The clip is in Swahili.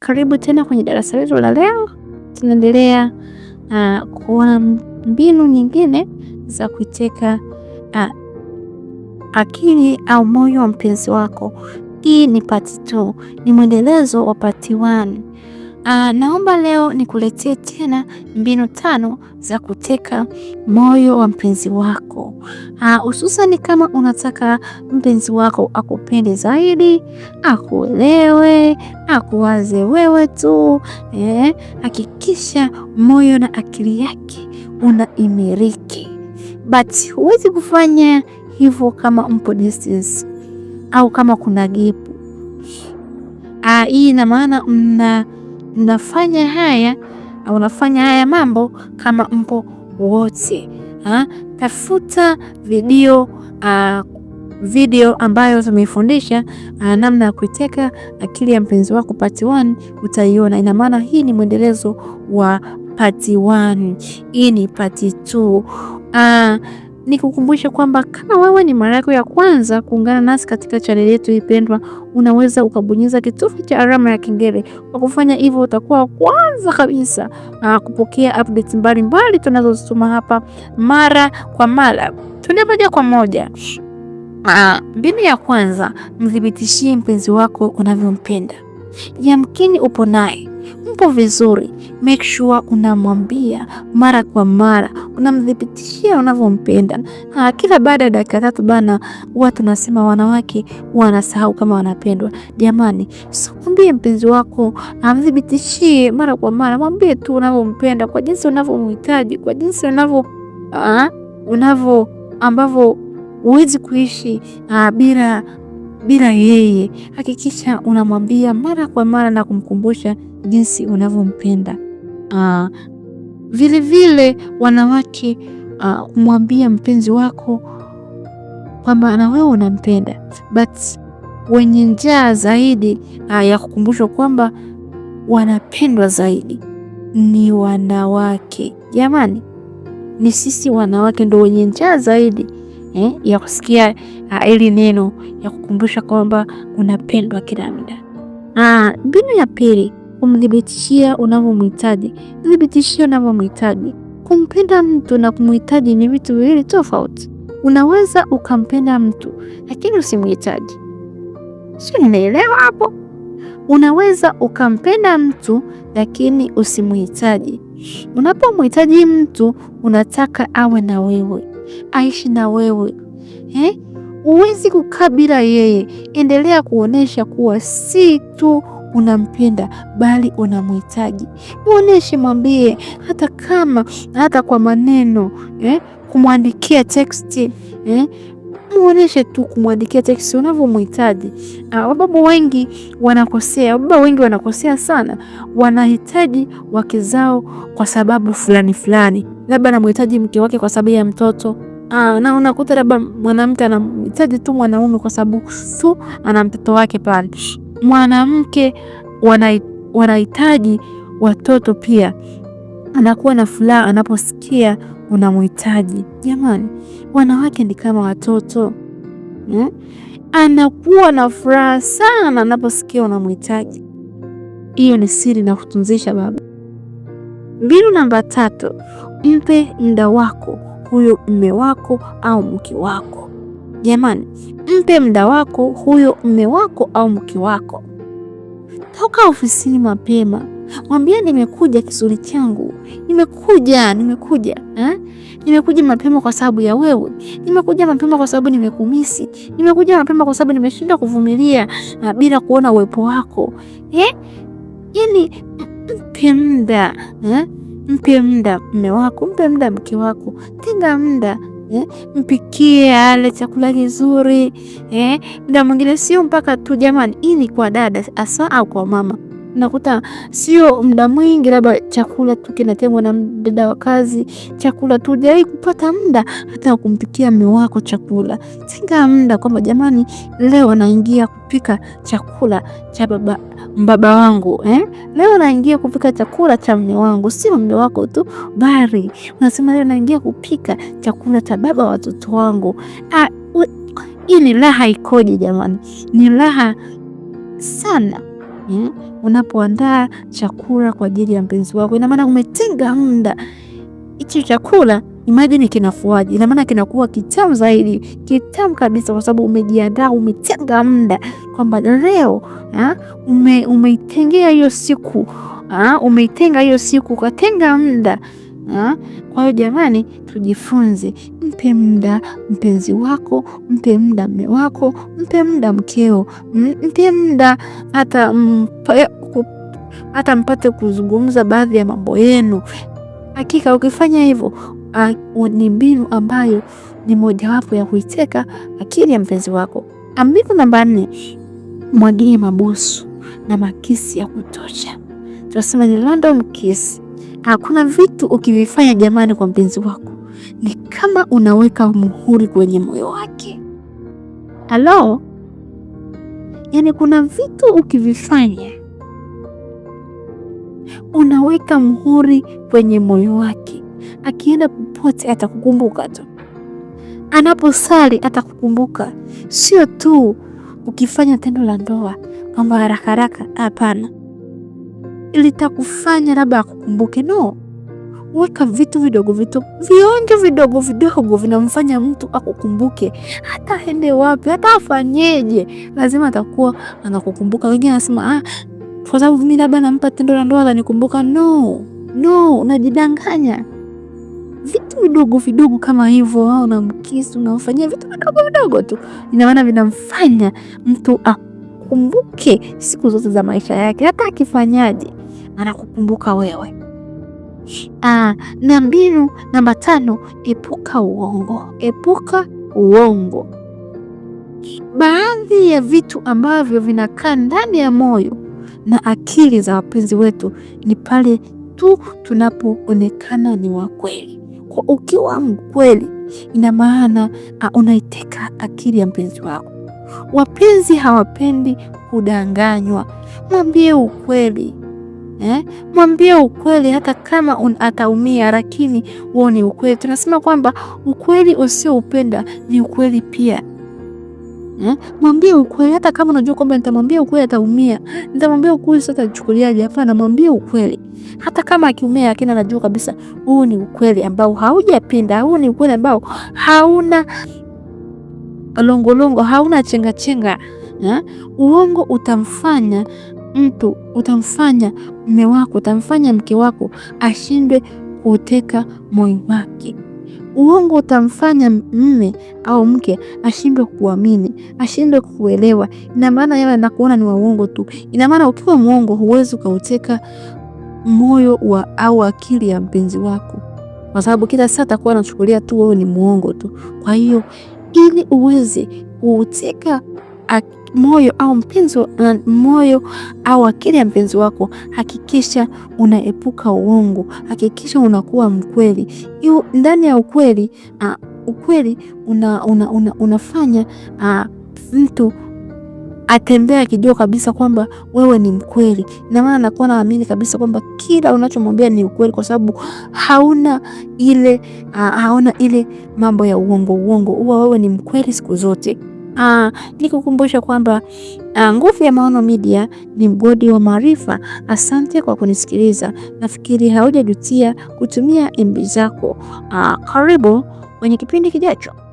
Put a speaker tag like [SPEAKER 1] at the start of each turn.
[SPEAKER 1] Karibu tena kwenye darasa letu la leo. Tunaendelea uh, kuona mbinu nyingine za kuiteka uh, ah, akili au moyo wa mpenzi wako. Hii ni part 2, ni mwendelezo wa part 1. Aa, ah, naomba leo nikuletee tena mbinu tano za kuteka moyo wa mpenzi wako, ah, hususani kama unataka mpenzi wako akupende zaidi, akuelewe, akuwaze wewe tu. Eh, hakikisha moyo na akili yake unaimiriki, but huwezi kufanya hivyo kama mpo distance au kama kuna gepu. Ah, hii ina maana mna mnafanya haya au nafanya haya mambo kama mpo wote ha? Tafuta video uh, video ambayo tumeifundisha uh, ah, namna ya kuiteka akili ya mpenzi wako part 1 utaiona. Ina maana hii ni mwendelezo wa part 1, hii ni part 2. Uh, ah, nikukumbushe kwamba kama wewe ni mara yako ya kwanza kuungana nasi katika chaneli yetu ipendwa, unaweza ukabonyeza kitufe cha alama ya kengele. Kwa kufanya hivyo, utakuwa kwanza kabisa aa, ah, kupokea updates mbalimbali tunazozituma hapa mara kwa mara. Tuende moja kwa moja. Ah, mbinu ya kwanza, mthibitishie mpenzi wako unavyompenda. Yamkini upo naye, mpo vizuri, make sure unamwambia mara kwa mara, unamdhibitishia unavyompenda. Kila baada ya dakika tatu bana, huwa tunasema wanawake wanasahau kama wanapendwa. Jamani, mwambie mpenzi wako, amdhibitishie mara kwa mara, mwambie tu unavyompenda, kwa jinsi unavyomhitaji, kwa jinsi unavyo unavyo ambavyo huwezi kuishi bila bila yeye. Hakikisha unamwambia mara kwa mara na kumkumbusha jinsi unavyompenda uh, vile vile wanawake uh, mpenzi wako kwamba na wewe unampenda, but wenye njaa zaidi uh, ya kukumbushwa kwamba wanapendwa zaidi ni wanawake. Jamani, ni sisi wanawake ndo wenye njaa zaidi eh, ya kusikia hili neno ya kukumbusha kwamba unapendwa kila muda. Ah, mbinu ya pili kumdhibitishia unavyomhitaji. Dhibitishia unavyomhitaji. Kumpenda mtu na kumhitaji ni vitu viwili tofauti. Unaweza ukampenda mtu lakini usimhitaji, sio? Ninaelewa hapo. Unaweza ukampenda mtu lakini usimhitaji. Unapomhitaji mtu, unataka awe na wewe, aishi na wewe eh? Uwezi kukaa bila yeye. Endelea kuonyesha kuwa si tu unampenda bali unamhitaji. Muoneshe, mwambie, hata kama hata kwa maneno eh, kumwandikia teksti eh, muoneshe tu kumwandikia teksti unavyomhitaji. Ah, wababa wengi wanakosea, wababa wengi wanakosea sana, wanahitaji wake zao kwa sababu fulani fulani, labda anamhitaji mke wake kwa sababu ya mtoto. Aa, ah, na unakuta labda mwanamke anamhitaji tu mwanaume kwa sababu tu ana mtoto wake pale mwanamke wanahitaji watoto pia. Anakuwa na furaha anaposikia unamhitaji. Jamani, wanawake ni kama watoto hmm? Anakuwa na furaha sana anaposikia unamhitaji. Hiyo ni siri na kutunzisha baba. Mbinu namba tatu, mpe muda wako huyo mme wako au mke wako. Jamani, mpe muda wako huyo mme wako au mke wako. Toka ofisini mapema, mwambie nimekuja kizuri changu, nimekuja nimekuja eh? Nimekuja mapema kwa sababu ya wewe, nimekuja mapema kwa sababu nimekumisi, nimekuja mapema kwa sababu nimeshindwa kuvumilia ah, bila kuona uwepo wako eh? Yani mpe muda eh? Mpe muda mme wako, mpe muda mke wako, tenga muda Eh? mpikie ale chakula kizuri eh. Muda mwingine sio mpaka tu jamani, hii ni kwa dada hasa au kwa mama nakuta sio muda mwingi, labda chakula tu kinatengwa na mdada wa kazi, chakula tu jai kupata muda hata kumpikia mume wako chakula. singa muda kwamba jamani, leo naingia kupika chakula cha baba mbaba wangu eh? Leo naingia kupika chakula cha mume wangu, sio mume wako tu bari. Unasema leo naingia kupika chakula cha baba watoto wangu. Ah, hii ni raha ikoje jamani, ni raha sana eh, unapoandaa chakula kwa ajili ya mpenzi wako, ina maana umetenga muda. Hichi chakula imagine kinafuaje? Ina maana kinakuwa kitamu zaidi, kitamu kabisa, kwa sababu umejiandaa, umetenga muda kwamba leo umeitengea ume hiyo siku umeitenga hiyo siku, ukatenga muda Ha? Kwa hiyo jamani, tujifunze. Mpe muda mpenzi wako, mpe muda mme wako, mpe muda mkeo, mpe muda hata mpe, hata mpate kuzungumza baadhi ya mambo yenu. Hakika ukifanya hivyo ni mbinu ambayo ni mojawapo ya kuiteka akili ya mpenzi wako. Mbinu namba nne, mwagie mabusu na makisi ya kutosha, tunasema ni random kiss Hakuna vitu ukivifanya jamani, kwa mpenzi wako ni kama unaweka muhuri kwenye moyo wake. Halo, yaani kuna vitu ukivifanya unaweka muhuri kwenye moyo wake. Akienda popote atakukumbuka tu, anaposali atakukumbuka. Sio tu ukifanya tendo la ndoa kwamba haraka haraka, hapana litakufanya labda akukumbuke. No, weka vitu vidogo vidogo, vionjo vidogo vidogo vinamfanya mtu akukumbuke. Hata aende wapi, hata afanyeje, lazima atakuwa anakukumbuka. Wengine anasema ah, kwa sababu mimi labda nampa tendo la ndoa atanikumbuka. No, no, unajidanganya vitu vidogo vidogo kama hivyo, au na mkisu unamfanyia vitu vidogo vidogo tu, ina maana vinamfanya mtu akumbuke siku zote za maisha yake, hata akifanyaje anakukumbuka wewe. Aa, ah, na mbinu namba tano, epuka uongo. Epuka uongo. Baadhi ya vitu ambavyo vinakaa ndani ya moyo na akili za wapenzi wetu ni pale tu tunapoonekana ni wa kweli. Kwa ukiwa mkweli, ina maana ah, unaiteka akili ya mpenzi wako. Wapenzi hawapendi kudanganywa, mwambie ukweli. Eh, mwambie ukweli hata kama ataumia, lakini huo ni ukweli. Tunasema kwamba ukweli usioupenda ni ukweli pia. Eh, mwambie ukweli hata kama unajua kwamba nitamwambia ukweli ataumia, nitamwambia ukweli sasa atachukuliaje? Hapana, mwambie ukweli hata kama akiumia, lakini anajua kabisa huu ni ukweli ambao haujapenda, huu ni ukweli ambao hauna longolongo, hauna chenga chenga. Eh, uongo utamfanya mtu utamfanya mme wako, utamfanya mke wako ashindwe kuteka moyo wake. Uongo utamfanya mme au mke ashindwe kuamini, ashindwe kuelewa. Ina maana yeye anakuona ni waongo tu. Ina maana ukiwa mwongo huwezi ukauteka moyo wa au akili ya mpenzi wako, kwa sababu kila saa atakuwa anachukulia tu wewe ni mwongo tu. Kwa hiyo ili uweze kuuteka moyo au mpenzi moyo au akili ya mpenzi wako, hakikisha unaepuka uongo, hakikisha unakuwa mkweli. Hiyo ndani ya ukweli uh, ukweli una, una, una, unafanya uh, mtu atembea akijua kabisa kwamba wewe ni mkweli. na maana anakuwa naamini kabisa kwamba kila unachomwambia ni ukweli, kwa sababu hauna ile uh, hauna ile mambo ya uongo uongo, huwa wewe ni mkweli siku zote. Uh, ah, nikukumbusha kwamba uh, Nguvu ya Maono Media ni mgodi wa maarifa. Asante kwa kunisikiliza, nafikiri haujajutia kutumia MB zako. Uh, karibu kwenye kipindi kijacho.